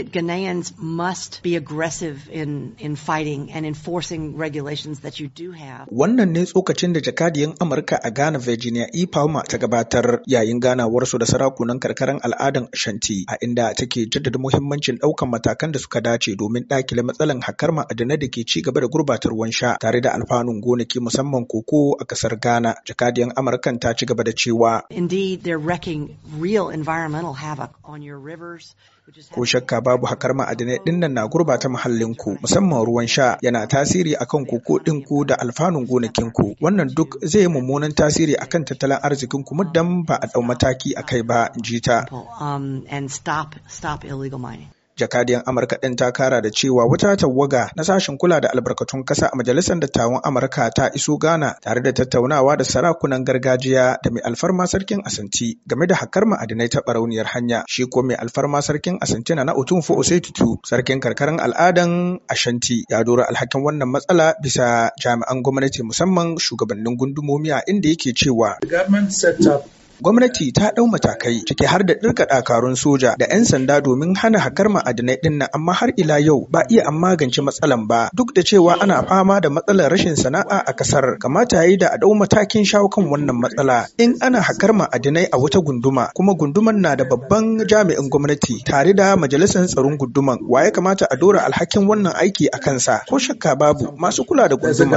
that Ghanaians must be aggressive in, in fighting and enforcing regulations that you do have. Wannan ne tsokacin da Amurka a Ghana Virginia E. Palmer ta gabatar yayin ganawarsu da sarakunan karkaran al'adan Ashanti a inda take jaddada muhimmancin ɗaukan matakan da suka dace domin ɗakile matsalan hakar ma'adanai da ke ci gaba da gurbatar sha tare da alfanun gonaki musamman koko a ƙasar Ghana. Amurkan ta ci gaba da cewa. Indeed, they're wrecking real environmental havoc on your rivers. ko shakka babu hakar ma'adinai dinnan na gurbata muhallin ku musamman ruwan sha yana tasiri akan ku ko din ku da alfanun gonakin ku wannan duk zai mummunan tasiri akan tattalin arzikin ku muddan ba a dau mataki a kai ba jita. Um, and stop, Jakadiyar Amurka ɗin ta kara da cewa wata tawaga na sashen kula da albarkatun ƙasa a Majalisar Dattawan Amurka ta iso Ghana tare da tattaunawa da sarakunan gargajiya da mai alfarma sarkin Asanti game da hakar ma'adinai ta barauniyar hanya. Shi ko mai alfarma sarkin Asanti na Osei Tutu, sarkin karkarar al'adan Ashanti ya dora alhakin wannan matsala bisa jami'an gwamnati musamman shugabannin gundumomi a inda yake cewa. The set up Gwamnati ta ɗau matakai ciki har da ɗirka ɗakarun soja da 'yan sanda domin hana hakar ma'adanai ɗin nan amma har ila yau ba iya an magance matsalan ba duk da cewa ana fama da matsalar rashin sana'a a ƙasar kamata yayi da a ɗau matakin shawo kan wannan matsala in ana hakar ma'adanai a wata gunduma kuma gunduman na da babban jami'in gwamnati tare da majalisar tsaron gunduman wa ya kamata a dora alhakin wannan aiki a kansa ko shakka babu masu kula da gunduma?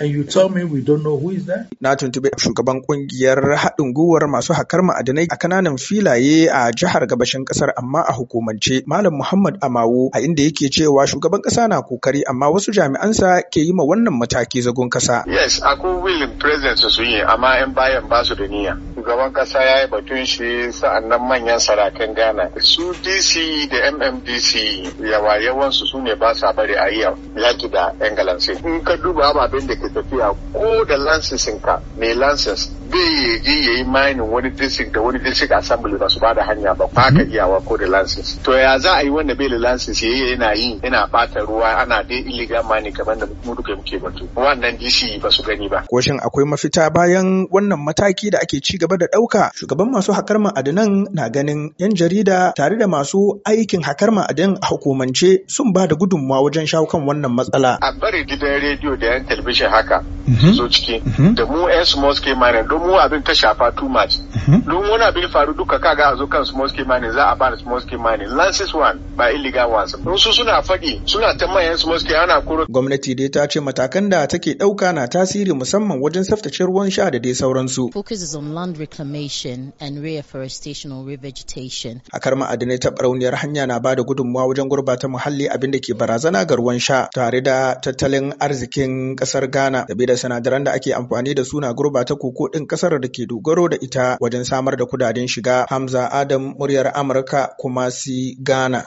and you tell me we don't know who is that? Na tuntube shugaban kungiyar haɗin gwiwar masu hakar ma'adanai a kananan filaye a jihar gabashin ƙasar amma a hukumance Malam Muhammad Amawu a inda yake cewa shugaban ƙasa na kokari amma wasu jami'ansa ke yi ma wannan mataki zagon ƙasa. Yes, aku willing presence su yi amma 'yan bayan ba su da niyya. Shugaban ƙasa ya yi batun shi sa'annan manyan sarakan Ghana. Su DC da MMDC yawa yawansu su ne ba sa bari a yi yaki da 'yan galansi. In ka duba abin da ke tafiya ko da lansisin ka mai lansis bai je ya yi mining wani district da wani district assembly ba su ba da hanya ba ba ka mhm. iyawa ko da license to ya za a yi wanda bai da license yi yana yi yana bata ruwa ana dai illegal mining kamar da mu duka muke batu wannan DC ba su gani ba ko akwai mafita bayan wannan mataki da ake ci gaba da ɗauka shugaban masu hakar ma'adanan na ganin yan jarida tare da masu aikin hakar ma'adin a hukumance sun ba da gudunmawa wajen shawo kan wannan matsala a bari gidan rediyo da yan talabijin haka mhm. zo ciki mhm. da mu yan mining mu abin ta shafa too much mhm. don wani abin faru duka ka ga a zo kan small scale mining za a bani small scale mining lances one ba illegal ones don su suna faɗi suna ta manyan small scale ana kuro. gwamnati dai ta ce matakan da take ɗauka na tasiri musamman wajen tsaftace ruwan sha da dai sauransu focuses on land reclamation and reforestation or revegetation kar ma'adinai ta barauniyar hanya na bada gudunmawa wajen gurbata muhalli abin da ke barazana ga ruwan sha tare da tattalin arzikin kasar Ghana da da sinadaran da ake amfani da su na gurbata koko din kasar da ke dogaro da ita wajen samar da kudaden shiga Hamza Adam muryar Amurka kuma si Ghana.